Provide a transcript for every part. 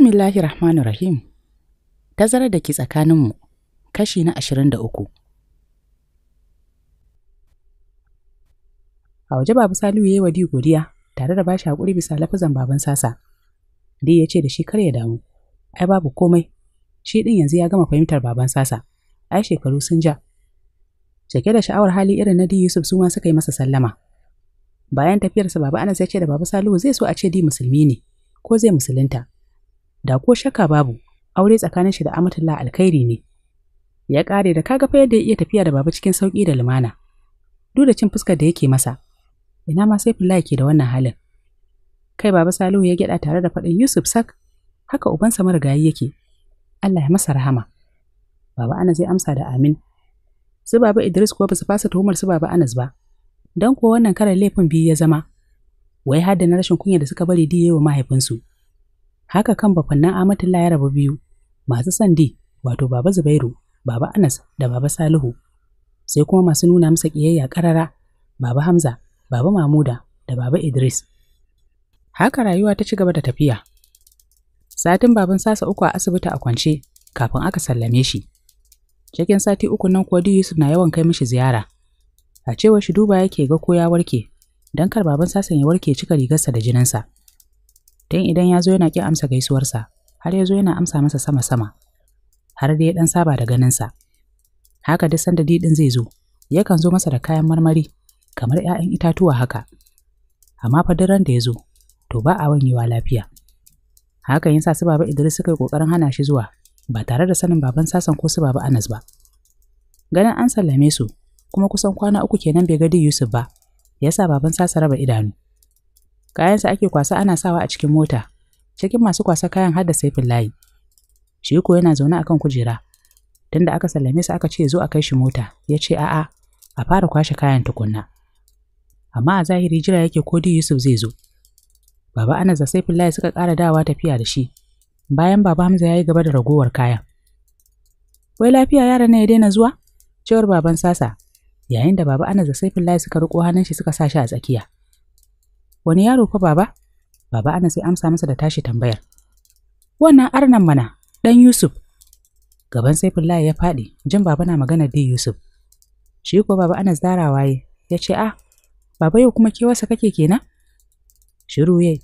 Bismillahir Rahmanir Rahim. Tazarar da ke tsakaninmu kashi na ashirin da uku. A waje Baba Salihu ya yi wa Di godiya tare da bashi haƙuri bisa lafazan baban sasa. Di ya ce da shi kar ya damu, ai babu komai, shi ɗin yanzu ya gama fahimtar baban sasa, ai shekaru sun ja. Cike da sha'awar hali irin na Di Yusuf su ma suka yi masa sallama. Bayan tafiyarsa Baba Anas ya ce da Baba Salihu zai so a ce Di musulmi ne, ko zai musulunta. da ko shakka babu aure tsakanin shi da amatullah Alkairi ne ya kare da kaga fa yadda ya iya tafiya da baba cikin sauki da lumana duk da cin fuskar da yake masa ina ma sai fulla ke da wannan halin kai baba salihu ya gyada tare da faɗin yusuf sak haka ubansa marigayi yake allah ya masa rahama baba anas zai amsa da amin su baba idris kuwa ba su fasa tuhumar su baba anas ba don kuwa wannan karar laifin biyu ya zama wai har da na rashin kunya da suka bari diye wa mahaifinsu haka kan bafannin Amatullah ya rabu biyu masu sandi wato baba Zubairu baba Anas da baba Salihu sai kuma masu nuna masa kiyayya karara baba Hamza baba Mamuda da baba Idris haka rayuwa ta ci gaba da tafiya satin baban sasa uku a asibiti a kwance kafin aka sallame shi cikin sati uku nan kuwa Yusuf na yawan kai mishi ziyara a cewar shi duba yake ga ko ya warke don kar baban sasan ya warke cika rigarsa da jininsa don idan ya zo yana ƙi amsa gaisuwarsa har ya zo yana amsa masa sama-sama har dai ya ɗan saba da ganinsa haka duk sanda didin zai zo yakan zo masa da kayan marmari kamar 'ya'yan itatuwa haka amma fa duk ran da ya zo to ba a wanyewa lafiya haka yasa su baba Idris suka yi kokarin hana shi zuwa ba tare da sanin baban sasan ko su baba Anas ba ganin an sallame su kuma kusan kwana uku kenan bai ga Yusuf ba yasa baban sasa raba idanu kayansa ake kwasa ana sawa a cikin mota cikin masu kwasa kayan har da saifin layi shi ko yana zaune akan kujera da aka sallame sa aka ce zo a kai shi mota ya ce a'a a fara kwashe kayan tukunna amma a zahiri jira yake ko Yusuf zai zo baba Anas da saifin layi suka ƙara dawa tafiya da shi bayan baba Hamza ya yi gaba da ragowar kayan wai lafiya yara na ya daina zuwa cewar baban sasa yayin da baba Anas da saifin layi suka riko hannun shi suka sa shi a tsakiya wani yaro fa baba baba ana sai amsa masa da tashi tambayar wannan arnan mana dan yusuf gaban saifullahi ya faɗi jin baba na magana dai yusuf shi ko baba anas zarawa ya ya ce a. Ah, baba yau kuma kewarsa kake kenan shiru yai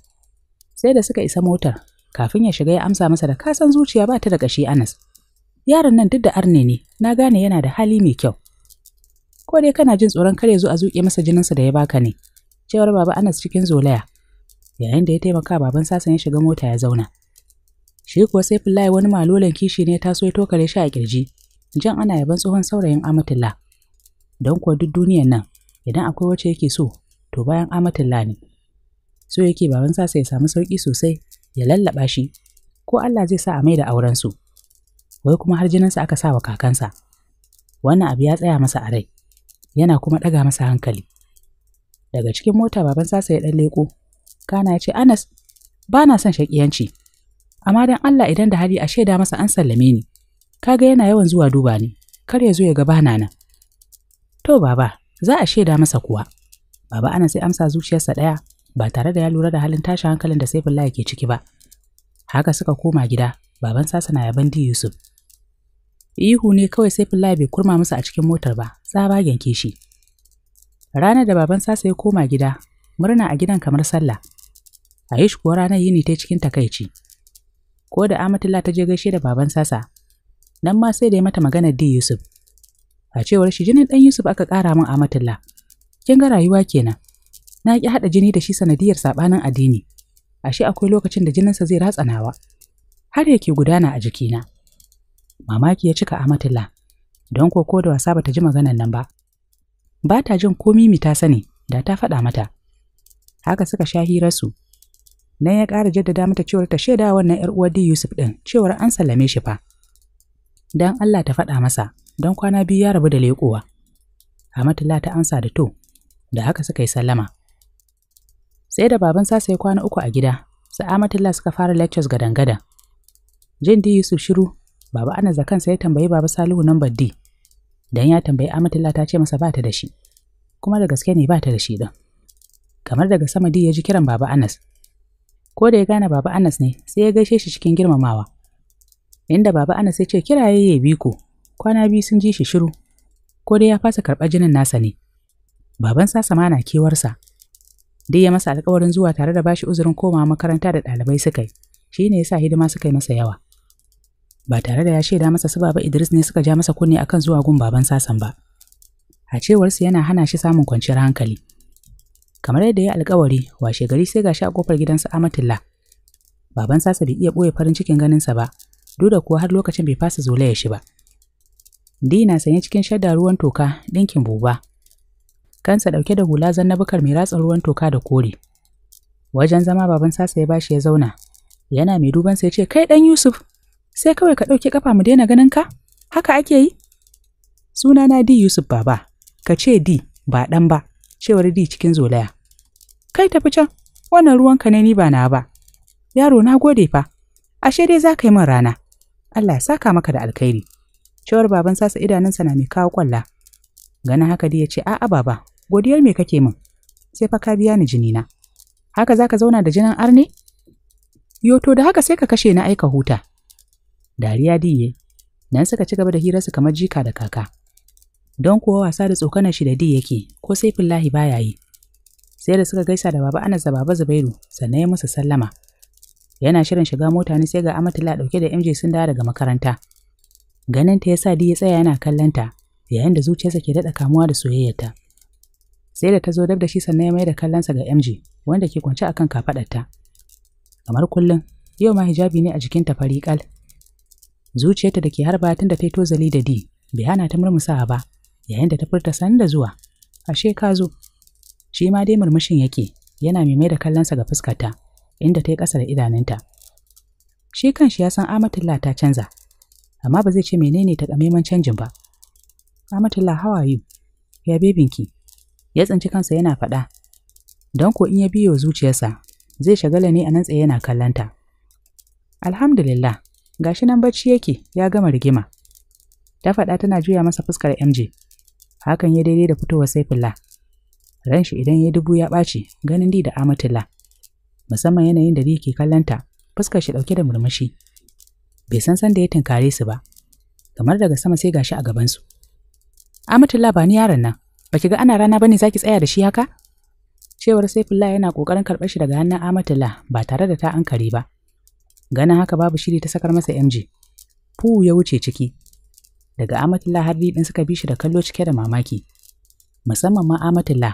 sai da suka isa motar kafin ya shiga ya amsa masa da kasan zuciya ba ta da ƙashi anas yaron nan duk da arne ne na gane yana da hali mai kyau ko dai kana jin tsoron kare zo a zuƙe masa jininsa da ya baka ne cewar baba Anas cikin zolaya. Yayin da ya taimaka baban sasan ya shiga mota ya zauna. Shi kuwa sai fillaye wani malolan kishi ne taso ya tokare shi a kirji. Jan ana yaban tsohon saurayin Amatullah. Don kuwa duk duniyar nan idan akwai wacce yake so to bayan Amatullah ne. So yake baban sasa ya samu sauki sosai ya lallaba shi ko Allah zai sa a mai da auren su. Wai kuma har jininsa aka sa wa kakansa. Wannan abu ya tsaya masa a rai. yana kuma ɗaga masa hankali. daga cikin mota baban sasa ya ɗan leƙo kana ya ce anas ba na son shaƙiyanci amma dan allah idan da hali a shaida masa an sallame ni kaga yana yawan zuwa duba ni kar ya zo ya gaba na nan to baba za a shaida masa kuwa baba anas sai amsa zuciyarsa ɗaya ba tare da ya lura da halin tashin hankalin da saifullah yake ciki ba haka suka koma gida baban sasa na yaban di yusuf ihu ne kawai sai fulla bai kurma masa a cikin motar ba tsabagen kishi Ranar da baban Sasa ya koma gida, murna a gidan kamar sallah. Aish kuwa ranar yini ta cikin takaici. Ko da la ta je gaishe da baban Sasa, nan ma sai da ya mata maganar D Yusuf. A cewar shi jinin ɗan Yusuf aka kara min Amatullah. Kin ga rayuwa kenan. Na ki haɗa jini da shi sanadiyar saɓanin addini. Ashe akwai lokacin da jininsa zai ratsa nawa. Har yake gudana a jikina. Mamaki ya cika la Don ko da wasa bata ji maganar nan ba. ba ta jin ko Mimi ta sani da ta faɗa mata. Haka suka sha hirarsu. Nan ya ƙara jaddada mata cewar ta shaida wannan ‘yar uwar Yusuf ɗin cewar an sallame shi fa. Dan Allah ta faɗa masa, don kwana biyu ya rabu da leƙowa. Hamatullah ta amsa da to, da haka suka yi sallama. Sai da baban sasa ya kwana uku a gida, Sa'amatullah suka fara lectures gadan gada Jin da Yusuf shiru, Baba ana zakan kansa ya tambayi Baba Salihu nambar D. Dan ya tambayi Amatullah ta ce masa ba ta da shi. Kuma da gaske ne ba ta da shi din. Kamar daga sama ya ji kiran Baba Anas. Ko da ya gane Baba Anas ne, sai ya gaishe shi cikin girmamawa. Inda Baba Anas ya ce kiraye ya bi ku, kwana biyu sun ji shi shiru. Ko dai ya fasa karɓar jinin nasa ne. Baban sa sama na kewarsa. Dai ya masa alƙawarin zuwa tare da bashi uzurin komawa makaranta da ɗalibai suka yi. Shi ne ya sa hidima suka yi masa yawa. ba tare da ya shaida masa su baba Idris ne suka ja masa kunne akan zuwa gun baban sasan ba. A cewarsu yana hana shi samun kwanciyar hankali. Kamar yadda ya alkawari, washe gari sai gashi a kofar gidansa Amatulla. Baban sasa bai iya ɓoye farin cikin ganinsa ba, duk da kuwa har lokacin bai fasa zolaya shi ba. Dina sanye cikin shadda ruwan toka, ɗinkin buba. Kansa dauke da hula zannabukar mai ratsin ruwan toka da kore. Wajen zama baban sasa ya bashi ya zauna, yana mai duban sai ce kai dan Yusuf sai kawai ka ɗauke ƙafa mu daina ganin ka haka ake yi suna na di yusuf baba ka ce d ba ɗan ba cewar di cikin zolaya kai tafi can wannan ruwan ka ne ni ba na ba yaro na gode fa ashe dai za ka yi min rana Allah ya saka maka da alkhairi cewar baban sasa idanunsa na mai kawo kwalla ganin haka dai ya ce a'a baba godiyar me kake min sai fa ka biya ni jini na haka ka zauna da jinin arne Yoto, da haka sai ka kashe na aika huta dariya diye nan suka ci gaba da hirarsu kamar jika da kaka don kuwa wasa da tsokanar shi da di yake ko sai fillahi baya yi sai da suka gaisa da baba anas da baba zubairu sannan ya musu sallama yana shirin shiga mota ne sai ga amatila dauke da mj sun dawo daga makaranta ganin ta yasa di ya tsaya yana kallonta, yayin da zuciyarsa ke daɗa kamuwa da soyayyarta sai da ta zo dab da shi sannan ya mai da kallansa ga mj wanda ke kwance akan ta. kamar kullum yau ma hijabi ne a jikinta fari kal zuciyarta da ke harba tun da ta yi tozali da di bai hana ta murmusa ba yayin da ta furta da zuwa ashe ka zo shi ma dai murmushin yake yana mai mai da kallonsa ga fuskarta inda ta yi ƙasa da idanunta shi kanshi ya san amatulla ta canza amma ba zai ce menene ta takamaiman canjin ba amatulla how are you ya bebinki ya tsinci kansa yana faɗa don ko in ya biyo zuciyarsa zai shagala ne a nan tsaye yana kallanta alhamdulillah Ga shi nan bacci yake ya gama rigima ta faɗa tana juya masa fuskar mj hakan ya daidai da fitowar saifulla ran shi idan ya dubu ya ɓaci ganin di da amatilla musamman yanayin da di ke kallanta fuskar shi ɗauke da murmushi bai san san da ya tinkare su ba kamar daga sama sai gashi a gabansu amatilla ba ni yaron nan ba ki ga ana rana bane zaki tsaya da shi haka cewar saifullah yana kokarin karɓar shi daga hannun amatilla ba tare da ta ankare ba ganin haka babu shiri ta sakar masa MG. Fu ya wuce ciki. Daga Amatullah har din suka bi shi da kallo cike da mamaki. Musamman ma Amatullah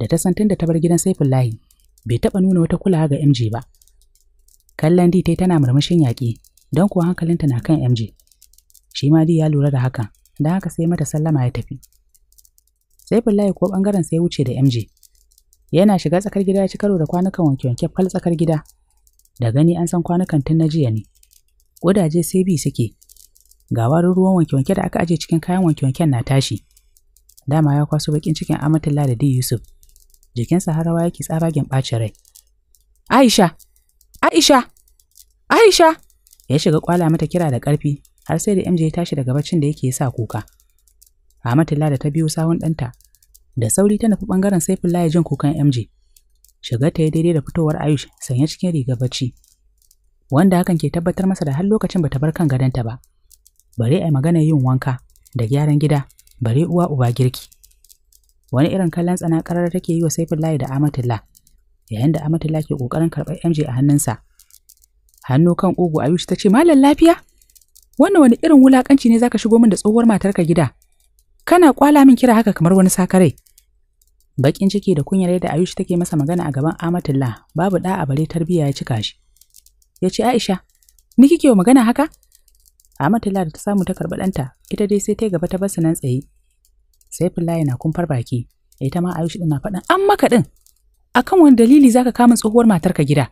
da ta san tunda ta bar gidan Saifullahi bai taɓa nuna wata kulawa ga MG ba. Kallon di tai tana murmushin yaƙi don kuwa hankalinta na kan MG. Shi ma di ya lura da haka da haka sai mata sallama ya tafi. Saifullahi ko ɓangarensa sai wuce da MG. Yana shiga tsakar gida ya ci karo da kwanukan wanke-wanke fal tsakar gida da gani an san kwanukan tun na jiya ne ƙudaje sai bi suke ga warin ruwan wanke-wanke da aka aje cikin kayan wanke-wanken na tashi dama ya kwaso bakin cikin amatullah da di yusuf jikinsa harawa rawa yake tsabagen ɓacin rai aisha aisha aisha ya shiga kwala mata kira da ƙarfi har sai da mj ya tashi daga baccin da yake sa kuka amatullah da ta biyo sawun ɗanta da sauri ta nufi ɓangaren saifullah ya jin kukan mj Shiga ta yi daidai da fitowar Ayush sanye cikin riga bacci. Wanda hakan ke tabbatar masa da har lokacin bata bar kan gadonta ba. Bare ai magana yin wanka da gyaran gida, bare uwa uba girki. Wani irin kallon tsana karar take yi wa Saifullahi da Amatullah, yayin da Amatullah ke kokarin karɓar MJ a hannunsa. Hannu kan ugu Ayush ta ce, "Malam lafiya? Wannan wani irin wulakanci ne zaka shigo min da tsohuwar ka gida?" kana kwala min kira haka kamar wani sakarai Bakin ciki da kunyar da Ayush take masa magana a gaban Amatullah babu da a bare tarbiya ya cika shi. Ya ce Aisha, ni kike wa magana haka? Amatullah da ta samu ta karɓi ɗanta, ita dai sai ta gaba ta basu nan tsaye. Sai Fulla yana kumfar baki, ita ma Ayush ɗin na faɗin an maka din. Akan wani dalili zaka kama tsohuwar matarka gida?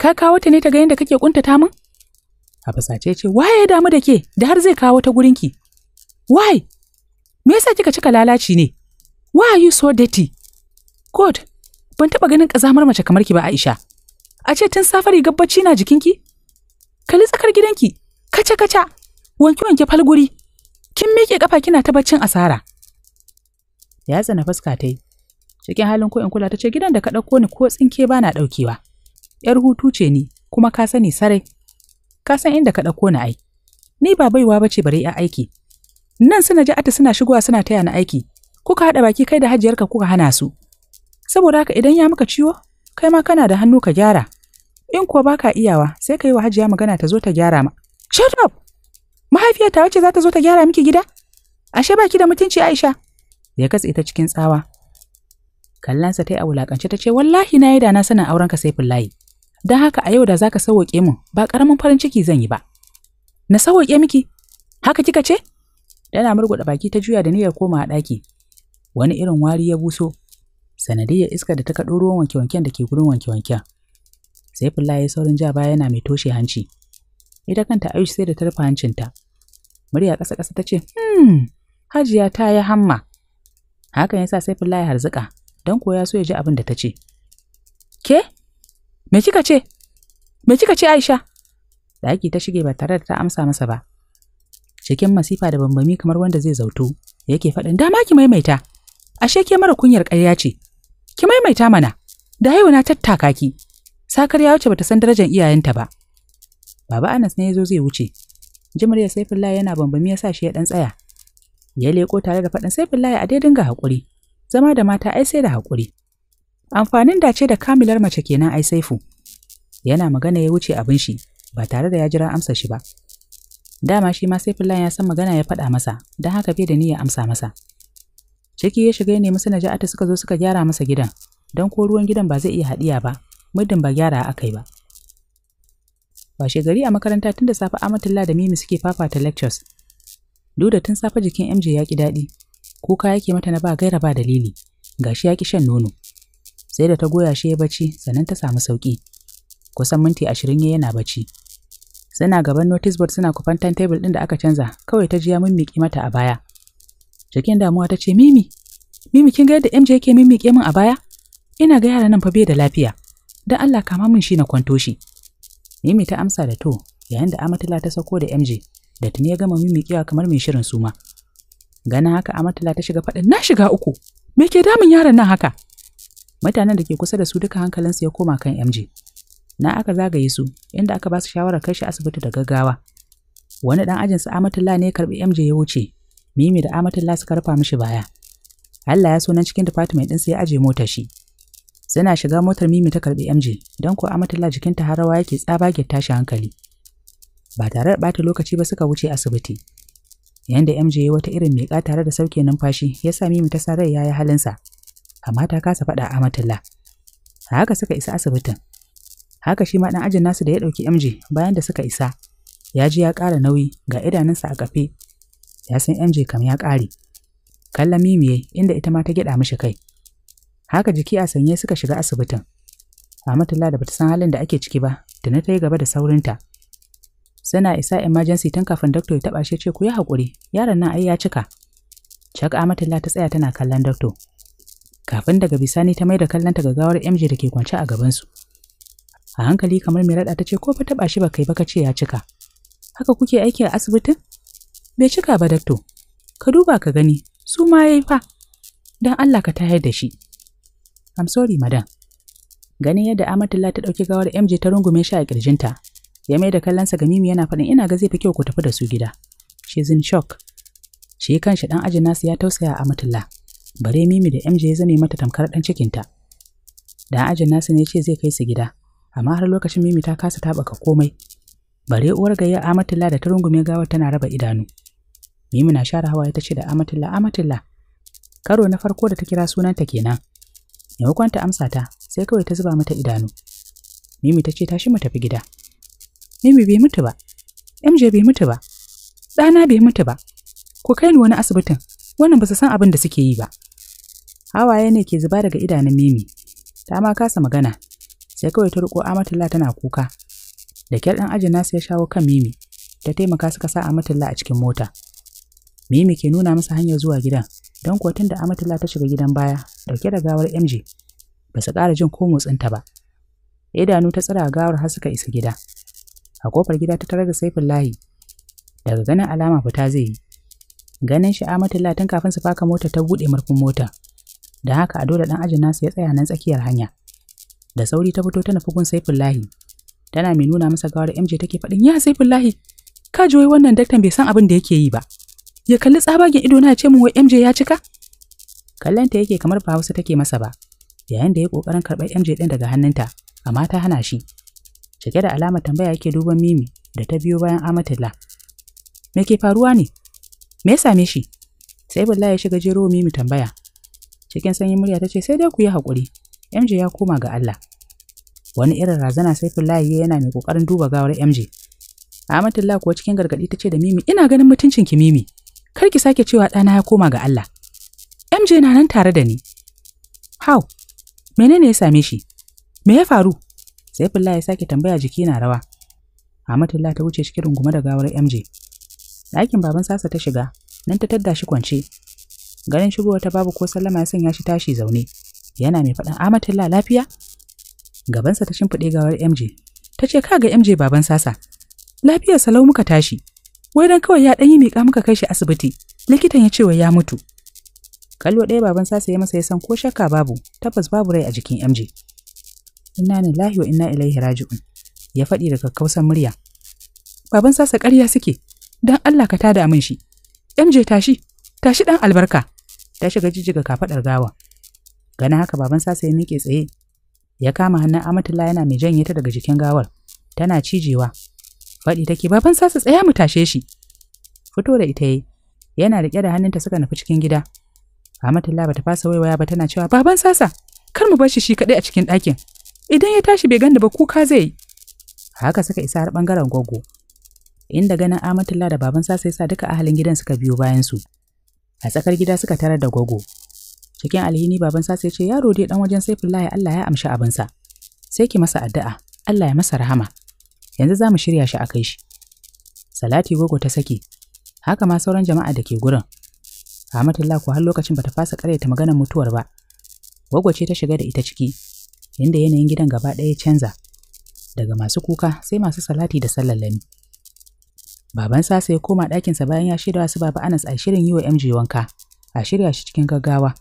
Ka kawo ta ne ta ga yadda kake kuntata min? A fasace ce, waye ya damu da ke da har zai kawo ta ki? Wai, me yasa kika cika lalaci ne? Why are you so dirty? God, ban taɓa ganin ƙazamar mace kamar ki ba Aisha. A ce tun safari rigar na jikinki? Kali tsakar gidanki, kaca-kaca, wanke-wanke falguri, kin miƙe ƙafa kina ta baccin asara. Ya tsana fuska ta yi, cikin halin ko in kula ta ce gidan da ka ɗauko ni ko tsinke ba na ɗaukewa. ‘Yar hutu ce ni, kuma ka sani sarai, ka san inda ka ɗauko ni ai. Ni ba baiwa ba ce bare ‘ya aiki. Nan suna ji ata suna shigowa suna taya ni aiki, kuka haɗa baki kai da hajiyarka kuka hana su saboda haka idan ya maka ciwo kai ma kana da hannu ka gyara in kuwa baka iyawa sai ka yi wa hajiya magana ta zo ta gyara ma shut up ta wacce za ta zo ta gyara miki gida ashe baki da mutunci aisha ya katse ta cikin tsawa kallansa ta yi a wulakance ta ce wallahi na yi da na sanin aurenka sai fillahi don haka a yau da zaka sauwaƙe min ba ƙaramin farin ciki zan yi ba na sauwaƙe miki haka kika ce yana murguɗa baki ta juya da niyyar koma a ɗaki wani irin wari ya buso sanadiyyar iska da ta kaɗo ruwan wanke-wanken da ke gurin wanke-wanken sai fulla ya saurin ja baya yana mai toshe hanci ita kanta Aisha sai da ta rufe hancinta murya ƙasa ƙasa ta ce hmm hajiya ta yi hamma hakan yasa sai fulla ya harzuka don ko ya so ya ji abin da ta ce ke me kika ce me kika ce Aisha ɗaki ta shige ba tare da ta amsa masa ba cikin masifa da bambami kamar wanda zai zautu yake faɗin dama ki maimaita ashe ke mara kunyar ƙarya ce ki maimaita mana da haihu na tattaka ki sakar ya wuce bata san darajar iyayenta ba baba anas ne ya zo zai wuce jimar ya saifullahi yana bambami ya sa shi ya dan tsaya ya leko tare da faɗin saifullahi a dai dinga haƙuri zama da mata ai sai da haƙuri amfanin dace da kamilar mace kenan ai saifu yana magana ya wuce abin shi ba tare da ya jira amsa shi ba dama shi ma saifullahi ya san magana ya faɗa masa don haka bai da niyya amsa masa Ciki ya shiga ya nemi sana ja'ata suka zo suka gyara masa gidan, don ko ruwan gidan ba zai iya haɗiya ba, muddin ba gyara aka yi ba. Washe gari a makaranta tun da safe Amatullah da Mimi suke fafata lectures. Duda tun safe jikin MJ ya ki daɗi, kuka yake mata na ba gaira ba dalili, gashi ya ki shan nono. Sai da ta goya shi ya bacci sannan ta samu sauƙi. Kusan minti ashirin ya yana bacci. Suna gaban notice board suna kufan timetable ɗin da aka canza, kawai ta ji ya mimmiƙi mata a baya. Cikin damuwa ta ce Mimi, Mimi kin ga yadda MJ yake mimike min a baya? Ina ga yara nan fa bai da lafiya. Dan Allah kama min shi na kwanto shi. Mimi ta amsa da to, yayin da Amatila ta sako da MJ, da tuni ya gama mimmiƙewa kamar mai shirin suma. Ganin haka Amatila ta shiga faɗin na shiga uku. Me ke damun yaran nan haka? Mutanen da ke kusa da su duka hankalinsu ya koma kan MJ. na aka zagaye su inda aka ba su shawarar kai shi asibiti da gaggawa wani dan ajin su Amatullah ne ya karbi MJ ya wuce Mimi da Amatullah suka rufa mishi baya. Allah ya so nan cikin department sai ya aje motar shi. Suna shiga motar Mimi ta karɓi MJ, don ko jikin jikinta har rawa yake tsabage tashi hankali. Ba tare da bata lokaci ba suka wuce asibiti. Yanda MJ ya wata irin miƙa tare da sauke numfashi, ya sa Mimi ta sarai rai halin halinsa. Amma ta kasa faɗa Amatullah. haka suka isa asibitin. Haka shi ma ɗan ajin nasu da ya ɗauki MJ bayan da suka isa, ya ji ya kara nauyi ga idanunsa a kafe ya san MJ kam ya ƙare. Kallon mimiye inda ita ma ta gyaɗa mishi kai. Haka jiki a sanye suka shiga asibitin. Amatullah da bata san halin da ake ciki ba, da na yi gaba da saurinta. Suna isa emergency tun kafin doctor ya taɓa shi ce ku yi haƙuri, yaron nan ai ya cika. Cak Amatullah ta tsaya tana kallon doctor. Kafin daga bisani ta mai da kallonta ga gawar MJ da ke kwance a gabansu. A hankali kamar mai raɗa ta ce ko fa taɓa shi ba kai ba ka ce ya cika. Haka kuke aiki a asibitin? bai cika ba datto? ka duba ka gani su ma yayi fa Don Allah ka tayar da shi I'm sorry madam ganin yadda la ta ɗauki gawar MJ ta rungume shi a kirjinta ya mai da kallonsa ga Mimi yana faɗin ina ga zai fi kyau ku tafi da su gida she's in shock shi kanshi dan ajin nasu ya tausaya Amatullah bare Mimi da MJ ya zame mata tamkar dan cikinta dan ajin nasu ne ce zai kai su gida amma har lokacin Mimi ta kasa taɓaka komai bare uwar gayya amatulla da ta rungume gawar tana raba idanu. mimi na share hawaye ta ce da Amatilla Amatilla. Karo na farko da ta kira sunanta kenan. Maimakon ta amsa ta sai kawai ta zuba mata idanu. Mimi ta ce tashi mu tafi gida. Mimi bai mutu ba. MJ bai mutu ba. Dana bai mutu ba. Ku kai ni wani asibitin. Wannan ba su san abin da suke yi ba. Hawaye ne ke zuba daga idanun Mimi. Ta ma kasa magana. Sai kawai ta riko Amatilla tana kuka. Da kyar ɗan ajina sai shawo kan Mimi. Ta taimaka suka sa Amatilla a cikin mota. Mimi ke nuna masa hanyar zuwa gidan, don kuwa tun da la ta shiga gidan baya, dauke da gawar MJ, ba su ƙara jin ko motsinta ba. Idanu ta tsira gawar har suka isa gida. A kofar gida ta tarar da saifin layi, daga ganin alama fita zai yi. Ganin shi la tun kafin su faka mota ta buɗe murfin mota, da haka a dole ɗan ajin nasu ya tsaya nan tsakiyar hanya. Da sauri ta fito ta fukun gun saifin layi, tana mai nuna masa gawar MJ take faɗin ya saifin layi, ka ji wannan daktan bai san abin da yake yi ba. ya kalli tsabagen ido na ce min wai MJ ya cika kallanta yake kamar ba Hausa take masa ba yayin da ya kokarin karɓar MJ din daga hannunta amma ta hana shi cike da alamar tambaya yake duban Mimi da ta biyo bayan Amatilla me ke faruwa ne me ya same shi sai Bella ya shiga jero Mimi tambaya cikin sanyin murya ta ce sai dai ku yi haƙuri MJ ya koma ga Allah wani irin razana sai ya yana mai kokarin duba gawar MJ Amatilla kuwa cikin gargadi ta ce da Mimi ina ganin mutuncin ki Mimi kar ki sake cewa ɗana ya koma ga Allah. MJ na nan tare da ni. How? Menene ya same shi? Me ya faru? Saifullah ya sake tambaya jiki na rawa. Amatullah ta wuce cikin rungume da gawar MJ. Ɗakin baban sasa ta shiga, nan ta tadda shi kwance. Ganin shigowa ta babu ko sallama ya sanya shi tashi zaune. Yana mai faɗan Amatullah lafiya? Gabansa ta shimfiɗe gawar MJ. Ta ce "Ka ga MJ baban sasa. Lafiyar salau muka tashi. wai dan kawai ya dan yi miƙa muka kai shi asibiti likitan ya ce wa ya mutu kallo ɗaya baban sasa ya masa ya san ko shakka babu tabbas babu rai a jikin MJ inna lillahi wa inna ilaihi raji'un ya faɗi da kakkausan murya baban sasa ƙarya suke dan Allah ka tada min shi MJ tashi tashi dan albarka ta shiga jijjiga kafaɗar gawa gana haka baban sasa ya miƙe tsaye ya kama hannun Amatulla yana mai janye ta daga jikin gawar tana cijewa faɗi take baban sasa tsaya mu tashe shi fito da ita yi yana riƙe da hannunta suka nufi cikin gida Amatullah bata fasa waiwaya ba tana cewa baban sasa kar mu bar shi shi kaɗai a cikin ɗakin idan ya tashi bai ganda ba kuka zai yi haka suka isa har ɓangaren gwaggo inda ganin Amatullah da baban sasa yasa duka ahalin gidan suka biyo bayan su a tsakar gida suka tarar da gwaggo cikin alhini baban sasa ya ce yaro dai dan wajen saifullahi Allah ya amshi abinsa sai ki masa addu'a Allah ya masa rahama yanzu za mu shirya shi a kai shi. Salati gogo ta saki, haka ma sauran jama'a da ke gurin. Ahmadullah ko har lokacin ba ta fasa karyata maganar mutuwar ba. Gogo ce ta shiga da ita ciki, inda yanayin gidan gaba ɗaya canza. Daga masu kuka sai masu salati da lami Baban Sasa ya koma ɗakinsa bayan ya shirya su Baba Anas a shirin yi wa MJ wanka, a shirya shi cikin gaggawa.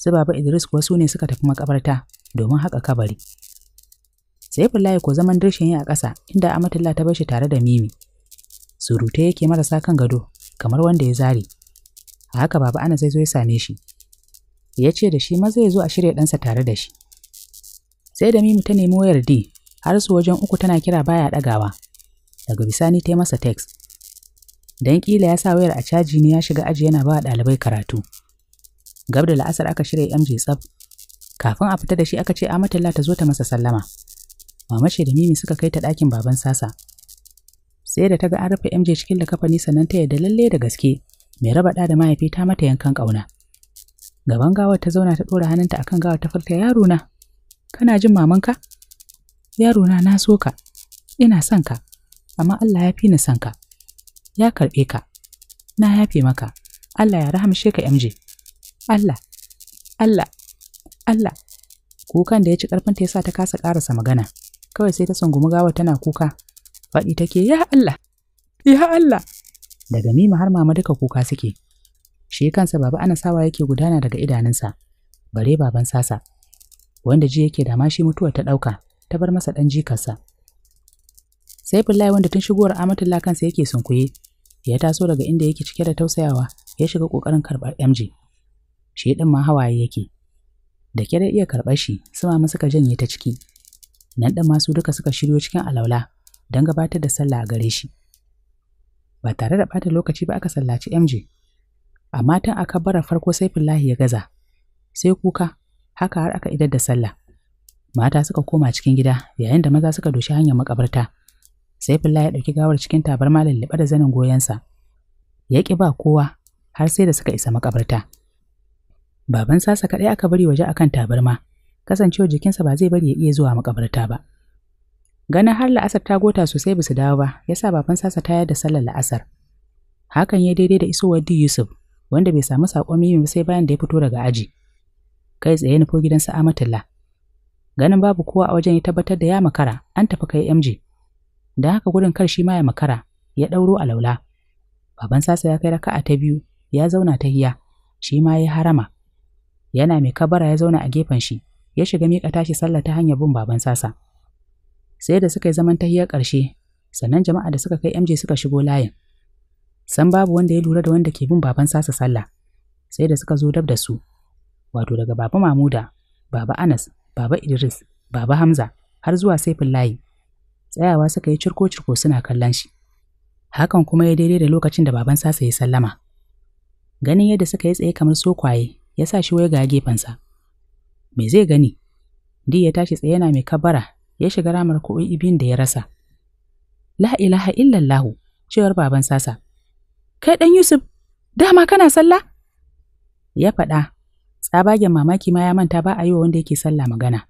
Su Baba Idris kuwa su ne suka tafi makabarta domin haƙa kabari. Saifullahi ko zaman dirshin a ƙasa inda Amatullah ta bar shi tare da Mimi. Surute yake marasa kan gado kamar wanda ya zare. A haka baba Ana zai zo ya same shi. Ya ce da shi maza ya zo a shirya ɗansa tare da shi. Sai da Mimi ta nemi wayar D har su wajen uku tana kira baya ɗagawa. Daga bisani ta yi masa tex Dan kila ya sa wayar a caji ne ya shiga aji yana ba ɗalibai karatu. Gab la'asar aka shirya MJ tsaf. Kafin a fita da shi aka ce Amatullah ta zo ta masa sallama. Mama ce da Mimi suka kai ta ɗakin baban sasa. Sai da ta ga an rufe MJ cikin likafani sannan ta yarda lalle da gaske mai raba ɗa da mahaifi ta mata yankan ƙauna. Gaban gawar ta zauna ta ɗora hannunta akan gawar ta farka yaro na. Kana jin mamanka? Yaro na na so ka. Ina son ka. Amma Allah ya fi ni son ka. Ya karɓe ka. Na yafe maka. Allah ya rahamshe ka MJ. Allah. Allah. Allah. Kukan da ya ci ƙarfinta ya sa ta kasa ƙarasa magana. kawai sai ta sungumi gawa tana kuka faɗi take ya Allah ya Allah daga mima har mama duka kuka suke shi kansa baba ana sawa yake gudana daga idanunsa bare baban sasa wanda ji yake ma shi mutuwa ta ɗauka ta bar masa ɗan jikarsa sai billahi wanda tun shigowar amatullah kansa yake sunkuye ya taso daga inda yake cike da tausayawa ya shiga kokarin karɓar mj shi ɗin ma hawaye yake da kyar iya karɓa shi su mama suka janye ta ciki nan ɗan masu duka suka shiryo cikin alaula don gabatar da sallah a gare shi. Ba tare da ɓata lokaci ba aka sallaci MJ, amma tun aka bara farko sai fillahi ya gaza, sai kuka, haka har aka idar da sallah. Mata suka koma cikin gida yayin da maza suka doshi hanyar makabarta. Sai fillahi ya ɗauki gawar cikin tabarma lallaɓa da zanin sa. Ya ƙi ba kowa har sai da suka isa makabarta. Baban sasa kaɗai aka bari waje akan tabarma, kasancewar jikinsa ba zai bari ya iya zuwa makabarta ba. Ganin har la'asar ta gota sosai ba dawo ba, ya sa baban sasa ta yarda sallar la'asar. Hakan ya daidai da isowar D Yusuf, wanda bai samu saƙon mimi ba sai bayan da ya fito daga aji. Kai tsaye nufo gidansa Amatullah. Ganin babu kowa a wajen ya tabbatar da ya makara, an tafi kai MJ. Da haka gudun kar shi ma ya makara, ya ɗauro a laula. Baban sasa ya kai raka'a ta biyu, ya zauna ta hiya, shi ma ya harama. Yana mai kabara ya zauna a gefen shi, ya shiga miƙa tashi sallah ta hanyar bin baban sasa. Sai da suka yi zaman tahiyar ƙarshe, sannan jama'a da suka kai MJ suka shigo layin. San babu wanda ya lura da wanda ke bin baban sasa sallah, sai da suka zo dab da su. Wato daga baba Mamuda, baba Anas, baba Idris, baba Hamza, har zuwa saifin layi. Tsayawa suka yi cirko-cirko suna kallon shi. Hakan kuma ya daidai da lokacin da baban sasa ya sallama. Ganin yadda suka yi tsaye kamar sokwaye, ya sa shi waya ga gefensa. me zai gani di ya tashi tsaye yana mai kabara ya shiga ramar kuɗi ibin da ya rasa la ilaha illallahu cewar baban sasa kai dan yusuf dama kana sallah ya faɗa tsabagen mamaki ma ya manta ba a yi wa wanda yake sallah magana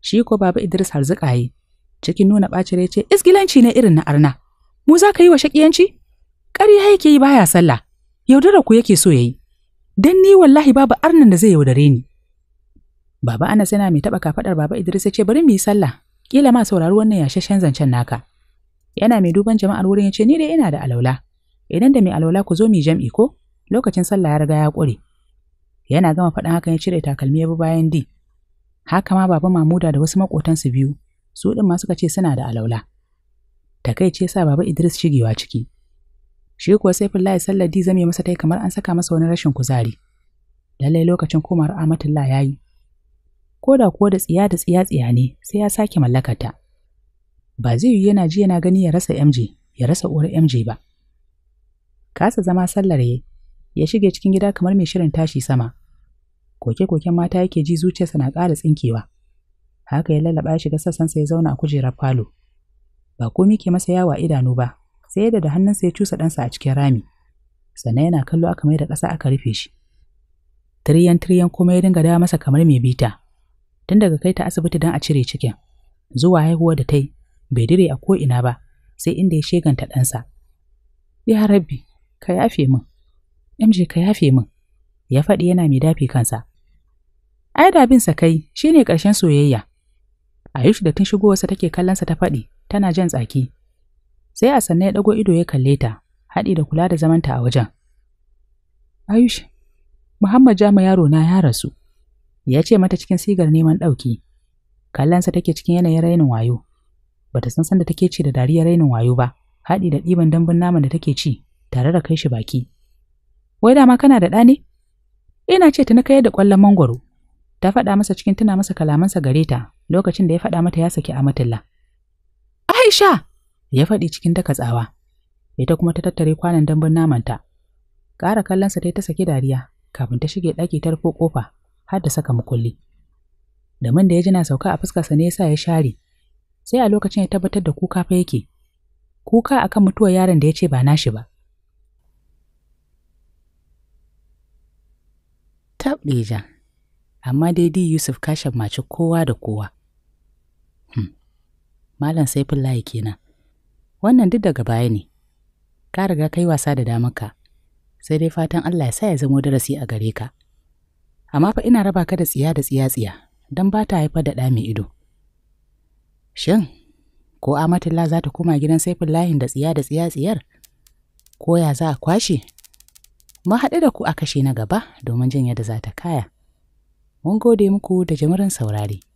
shi ko baba idris yi. cikin nuna ɓacin rai ce isgilanci ne irin na arna mu za ka yi wa shaƙiyanci ƙarya yake yi baya sallah yaudarar ku yake so ya yi don ni wallahi babu arnan da zai yaudare ni Baba Anas yana mai taɓa kafaɗar Baba Idris ya ce bari mu yi sallah. Kila ma saurari wannan yashashen zancen naka. Yana mai duban jama'ar wurin ya ce ni dai ina da alaula. Idan da mai alaula ku zo mu jami'i ko? Lokacin sallah ya riga ya ƙure. Yana gama faɗin hakan ya cire takalmi ya bi bayan di. Haka ma Baba Mamuda da wasu maƙotansu biyu, su ɗin ma suka ce suna da alaula. Takaice sa Baba Idris shigewa ciki. Shi kuwa sallar di zame masa tai kamar an saka masa wani rashin kuzari. Lallai lokacin komar Amatullah ya yi, ko da kuwa da tsiya da tsiya tsiya ne sai ya sake mallakata. Ba zai yi yana ji yana gani ya rasa MJ, ya rasa uwar MJ ba. Kasa zama sallar ya, ya shige cikin gida kamar mai shirin tashi sama. Koke-koken mata yake ji zuciyarsa na ƙara tsinkewa. Haka ya lalaba ya shiga sassansa ya zauna a kujerar falo. Ba komi ke masa yawa idanu ba, sai yadda da hannunsa ya cusa ɗansa a cikin rami. Sannan yana kallo aka mai da ƙasa aka rufe shi. Tiriyan tiriyan komai ya dinga dawa masa kamar mai bita. tun daga kai ta asibiti don a cire cikin zuwa haihuwa da ta yi bai dire a ko'ina ba sai inda ya sheganta ɗansa ya rabbi ka yafe min mj ka yafe min ya faɗi yana mai dafi kansa ai da bin sa kai shine ƙarshen soyayya ayush da tun shigowarsa take kallonsa ta faɗi tana jan tsaki sai a sannan ya ɗago ido ya kalle ta haɗi da kula da zamanta a wajen ayush muhammad jama yaro na ya rasu ya ce mata cikin sigar neman ɗauki kallonsa take cikin yanayin rainin wayo bata san san da take ci da dariyar rainin wayo ba haɗi da ɗiban dambun naman da take ci tare da kai shi baki wai dama kana da ɗa ne ina ce na kai da ƙwallon mangwaro ta faɗa masa cikin tuna masa kalamansa gare ta lokacin da ya faɗa mata ya saki amatilla aisha ya faɗi cikin daka tsawa ita kuma ta tattare kwanan dambun namanta ƙara kallonsa ta ta saki dariya kafin ta shige ɗaki ta rufo ƙofa har da saka mukulli. Da man da ya ji na sauka a fuskarsa ne yasa ya share, sai a lokacin ya tabbatar da kuka fa yake, kuka akan mutuwar yaron da ya ce ba nashi ba. Tableja, amma daidai Yusuf ka mace kowa da kowa. Hmm. Malam Saifullahi kenan. Wannan duk daga baya ne. Ka riga kai wasa da damanka, sai dai fatan Allah ya sa ya zamo darasi a gare ka. amma fa ina raba ka da tsiya da tsiya tsiya don ba ta haifar da ɗa ido. Shin, ko Amatullah za ta koma gidan saifin layin da tsiya da tsiya tsiyar? Ko ya za a kwashe? Mu haɗu da ku a kashe na gaba domin jin yadda za ta kaya. Mun gode muku da jimirin saurari.